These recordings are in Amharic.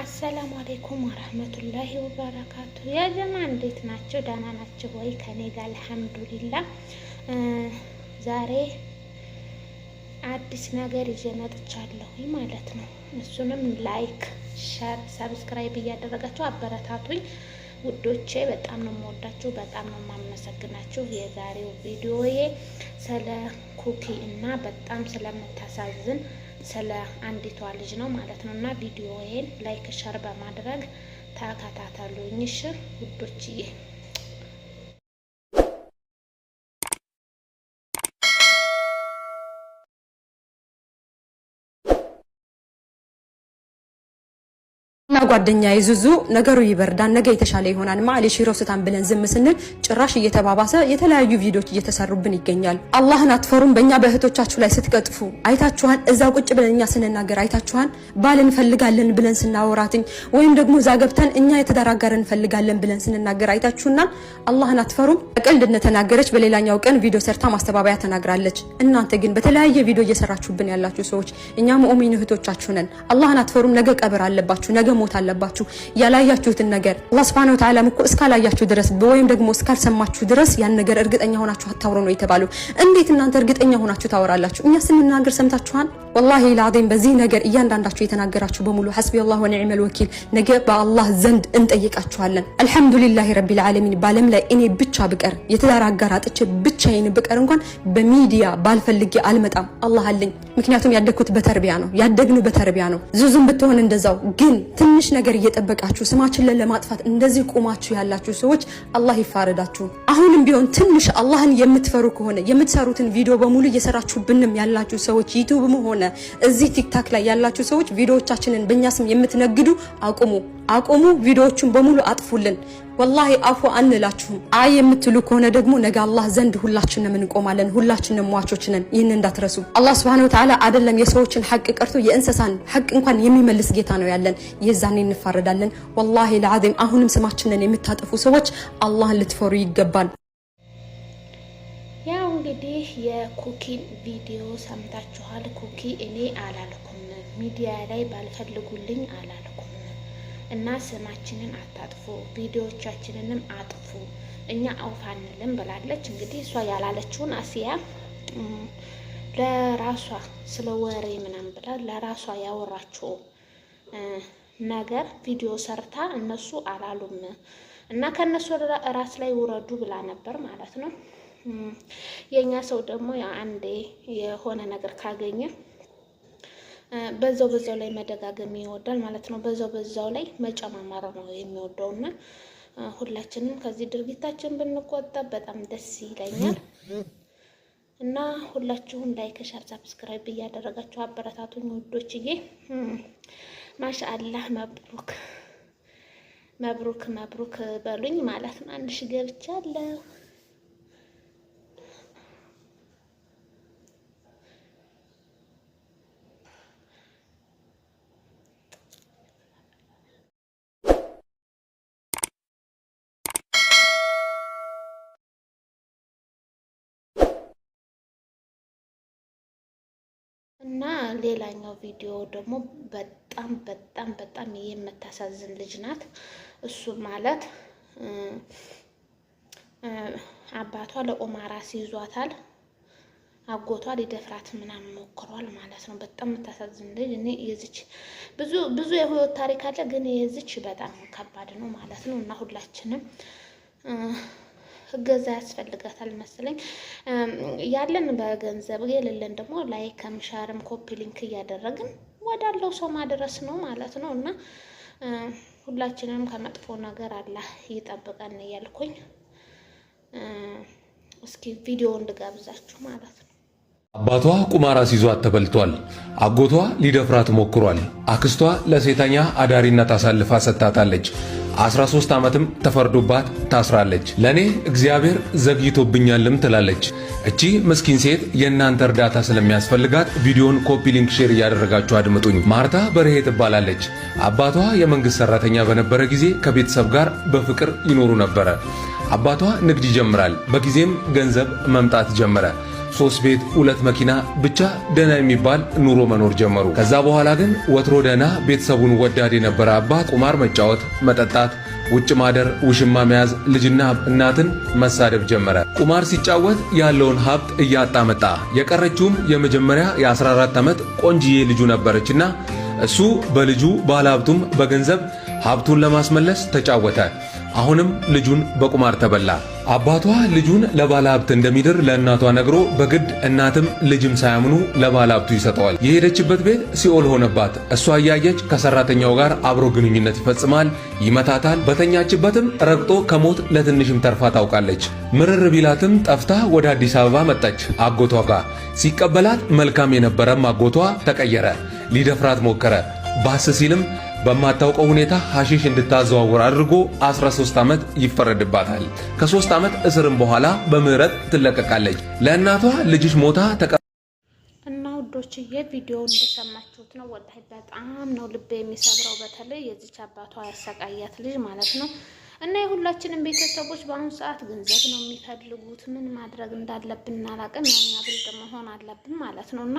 አሰላሙ አሌይኩም ወረህመቱላሂ ወበረካቱ። ያጀማ እንዴት ናቸው? ደህና ናቸው ወይ? ከኔ ጋር አልሐምዱሊላ። ዛሬ አዲስ ነገር ይዤ መጥቻለሁኝ ማለት ነው። እሱንም ላይክ፣ ሸር፣ ሰብስክራይብ እያደረጋቸው አበረታቱኝ። ውዶቼ በጣም ነው የምወዳችሁ፣ በጣም ነው የማመሰግናችሁ። የዛሬው ቪዲዮዬ ስለ ኩኪ እና በጣም ስለምታሳዝን ስለ አንዲቷ ልጅ ነው ማለት ነው እና ቪዲዮዬን ላይክ ሸር በማድረግ ተከታተሉኝ። እሺ ውዶችዬ እና ጓደኛ ይዙዙ ነገሩ ይበርዳን፣ ነገ የተሻለ ይሆናል ማዕሌ ሽሮ ስታን ብለን ዝም ስንል ጭራሽ እየተባባሰ የተለያዩ ቪዲዮዎች እየተሰሩብን ይገኛል። አላህን አትፈሩም? በእኛ በእህቶቻችሁ ላይ ስትቀጥፉ አይታችኋን? እዛው ቁጭ ብለን እኛ ስንናገር አይታችኋን? ባል እንፈልጋለን ብለን ስናወራትኝ ወይም ደግሞ እዛ ገብተን እኛ የትዳር አጋር እንፈልጋለን ብለን ስንናገር አይታችሁና አላህን አትፈሩም? በቀልድ እንደተናገረች በሌላኛው ቀን ቪዲዮ ሰርታ ማስተባበያ ተናግራለች። እናንተ ግን በተለያየ ቪዲዮ እየሰራችሁብን ያላችሁ ሰዎች እኛ ሙእሚን እህቶቻችሁ ነን። አላህን አትፈሩም? ነገ ቀብር አለባችሁ ነገ መሞት አለባችሁ። ያላያችሁትን ነገር አላህ ሱብሃነሁ ወተዓላም እኮ እስካላያችሁ ድረስ ወይም ደግሞ እስካልሰማችሁ ድረስ ያን ነገር እርግጠኛ ሆናችሁ አታውሩ ነው የተባለው። እንዴት እናንተ እርግጠኛ ሆናችሁ ታወራላችሁ? እኛ ስንናገር ሰምታችኋል። ወላሂ ላዚም በዚህ ነገር እያንዳንዳችሁ የተናገራችሁ በሙሉ ሐስቢ አላህ ወኒዕመል ወኪል፣ ነገ በአላህ ዘንድ እንጠይቃችኋለን። አልሐምዱሊላሂ ረቢል ዓለሚን። በዓለም ላይ እኔ ብቻ ብቀር የትዳር አጋር አጥቼ ብቻዬን ብቀር እንኳን በሚዲያ ባልፈልጌ አልመጣም። አላህ አለኝ። ምክንያቱም ያደግኩት በተርቢያ ነው፣ ያደግን በተርቢያ ነው። ዙዙም ብትሆን እንደዛው ግን ትንሽ ነገር እየጠበቃችሁ ስማችንን ለማጥፋት እንደዚህ ቆማችሁ ያላችሁ ሰዎች አላህ ይፋረዳችሁ። አሁንም ቢሆን ትንሽ አላህን የምትፈሩ ከሆነ የምትሰሩትን ቪዲዮ በሙሉ እየሰራችሁብንም ያላችሁ ሰዎች ዩቲዩብም ሆነ እዚህ ቲክታክ ላይ ያላችሁ ሰዎች ቪዲዮዎቻችንን በእኛ ስም የምትነግዱ አቁሙ፣ አቁሙ። ቪዲዮዎቹን በሙሉ አጥፉልን። ወላሂ አፉ አንላችሁም። አይ የምትሉ ከሆነ ደግሞ ነገ አላህ ዘንድ ሁላችንም እንቆማለን፣ ሁላችንም ሟቾች ነን። ይህን እንዳትረሱ። አላህ ስብሐነሁ ወተዓላ አይደለም የሰዎችን ሐቅ ቀርቶ የእንስሳን ሐቅ እንኳን የሚመልስ ጌታ ነው ያለን። የዛኔ እንፋረዳለን። ወላሂ ለዓዚም አሁንም ስማችንን የምታጠፉ ሰዎች አላህን ልትፈሩ ይገባል። ያው እንግዲህ የኩኪን ቪዲዮ ሰምታችኋል። ኩኪ እኔ አላልኩም ሚዲያ ላይ ባልፈልጉልኝ አላልኩም እና ስማችንን አታጥፉ፣ ቪዲዮዎቻችንንም አጥፉ፣ እኛ አውፋንልም ብላለች። እንግዲህ እሷ ያላለችውን አስያ ለራሷ ስለ ወሬ ምናምን ብላ ለራሷ ያወራችው ነገር ቪዲዮ ሰርታ እነሱ አላሉም እና ከእነሱ ራስ ላይ ውረዱ ብላ ነበር ማለት ነው። የእኛ ሰው ደግሞ አንዴ የሆነ ነገር ካገኘ በዛው በዛው ላይ መደጋገም ይወዳል ማለት ነው። በዛው በዛው ላይ መጨማማር ነው የሚወደው እና ሁላችንም ከዚህ ድርጊታችን ብንቆጠብ በጣም ደስ ይለኛል እና ሁላችሁም ላይክ፣ ሸር፣ ሰብስክራይብ እያደረጋችሁ አበረታቱኝ ውዶችዬ። ማሻአላህ መብሩክ መብሩክ መብሩክ በሉኝ ማለት ነው። አንድ ሺህ ገብቻለሁ። እና ሌላኛው ቪዲዮ ደግሞ በጣም በጣም በጣም የምታሳዝን ልጅ ናት። እሱ ማለት አባቷ ለኦማራ ሲይዟታል። አጎቷ ሊደፍራት ምናምን ሞክሯል ማለት ነው። በጣም የምታሳዝን ልጅ እኔ የዚች ብዙ ብዙ የህይወት ታሪክ አለ፣ ግን የዚች በጣም ከባድ ነው ማለት ነው እና ሁላችንም እገዛ ያስፈልጋታል መሰለኝ። ያለን በገንዘብ የሌለን ደግሞ ላይክም ሻርም ኮፒ ሊንክ እያደረግን ወዳለው ሰው ማድረስ ነው ማለት ነው እና ሁላችንም ከመጥፎ ነገር አላህ ይጠብቀን እያልኩኝ እስኪ ቪዲዮ እንድጋብዛችሁ ማለት ነው። አባቷ ቁማራ አስይዟት ተበልቷል። አጎቷ ሊደፍራት ሞክሯል። አክስቷ ለሴተኛ አዳሪነት አሳልፋ ሰጥታታለች። 13 ዓመትም ተፈርዶባት ታስራለች። ለእኔ እግዚአብሔር ዘግይቶብኛልም ትላለች። እቺ ምስኪን ሴት የእናንተ እርዳታ ስለሚያስፈልጋት ቪዲዮን ኮፒ፣ ሊንክ፣ ሼር እያደረጋችሁ አድምጡኝ። ማርታ በርሄ ትባላለች። አባቷ የመንግሥት ሠራተኛ በነበረ ጊዜ ከቤተሰብ ጋር በፍቅር ይኖሩ ነበረ። አባቷ ንግድ ይጀምራል። በጊዜም ገንዘብ መምጣት ጀመረ። ሶስት ቤት ሁለት መኪና ብቻ ደህና የሚባል ኑሮ መኖር ጀመሩ። ከዛ በኋላ ግን ወትሮ ደህና ቤተሰቡን ወዳድ የነበረ አባት ቁማር መጫወት፣ መጠጣት፣ ውጭ ማደር፣ ውሽማ መያዝ፣ ልጅና እናትን መሳደብ ጀመረ። ቁማር ሲጫወት ያለውን ሀብት እያጣ መጣ። የቀረችውም የመጀመሪያ የ14 ዓመት ቆንጅዬ ልጁ ነበረችና እሱ በልጁ ባለሀብቱም በገንዘብ ሀብቱን ለማስመለስ ተጫወተ። አሁንም ልጁን በቁማር ተበላ። አባቷ ልጁን ለባለ ሀብት እንደሚድር ለእናቷ ነግሮ በግድ እናትም ልጅም ሳያምኑ ለባለ ሀብቱ ይሰጠዋል። የሄደችበት ቤት ሲኦል ሆነባት። እሷ እያየች ከሰራተኛው ጋር አብሮ ግንኙነት ይፈጽማል፣ ይመታታል። በተኛችበትም ረግጦ ከሞት ለትንሽም ተርፋ ታውቃለች። ምርር ቢላትም ጠፍታ ወደ አዲስ አበባ መጣች አጎቷ ጋር። ሲቀበላት መልካም የነበረም አጎቷ ተቀየረ። ሊደፍራት ሞከረ። ባስ ሲልም በማታውቀው ሁኔታ ሐሺሽ እንድታዘዋውር አድርጎ 13 ዓመት ይፈረድባታል። ከ3 ዓመት እስርም በኋላ በምህረት ትለቀቃለች። ለእናቷ ልጅሽ ሞታ ተቀ እና ውዶች የቪዲዮው እንደሰማችሁት ነው። ወላሂ በጣም ነው ልብ የሚሰብረው። በተለይ የዚች አባቷ ያሰቃያት ልጅ ማለት ነው። እና የሁላችንም ቤተሰቦች በአሁኑ ሰዓት ገንዘብ ነው የሚፈልጉት። ምን ማድረግ እንዳለብን አላቅም። ያኛ ብልጥ መሆን አለብን ማለት ነው እና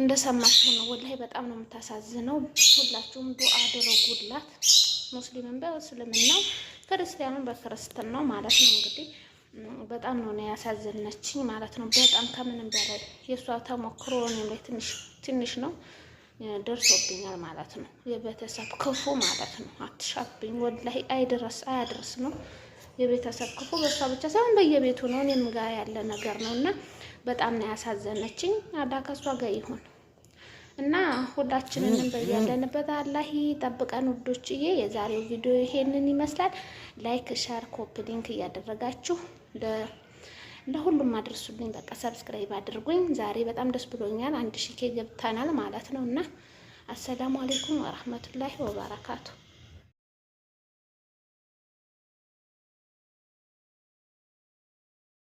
እንደሰማችሁ ነው። ወላሂ በጣም ነው የምታሳዝነው። ሁላችሁም ዱአ አድርጉላት። ሙስሊምን በእስልምና ክርስቲያኑን በክርስትናው ማለት ነው። እንግዲህ በጣም ነው ያሳዘነችኝ ማለት ነው። በጣም ከምንም በላይ የእሷ ተሞክሮ እኔም ላይ ትንሽ ነው ደርሶብኛል ማለት ነው። የቤተሰብ ክፉ ማለት ነው። አትሻብኝ ወላሂ አይድረስ አያድርስ ነው የቤተሰብ ክፉ በእሷ ብቻ ሳይሆን በየቤቱ ነው፣ እኔም ጋር ያለ ነገር ነው እና በጣም ነው ያሳዘነችኝ። አላህ ከእሷ ጋር ይሁን እና ሁላችንንም በያለንበት አላህ ጠብቀን። ውዶችዬ የዛሬው ቪዲዮ ይሄንን ይመስላል። ላይክ፣ ሸር፣ ኮፕ ሊንክ እያደረጋችሁ ለሁሉም አድርሱልኝ። በቃ ሰብስክራይብ አድርጉኝ። ዛሬ በጣም ደስ ብሎኛል። አንድ ሺህ ኬ ገብተናል ማለት ነው እና አሰላሙ አሌይኩም ወረህመቱላሂ ወበረካቱ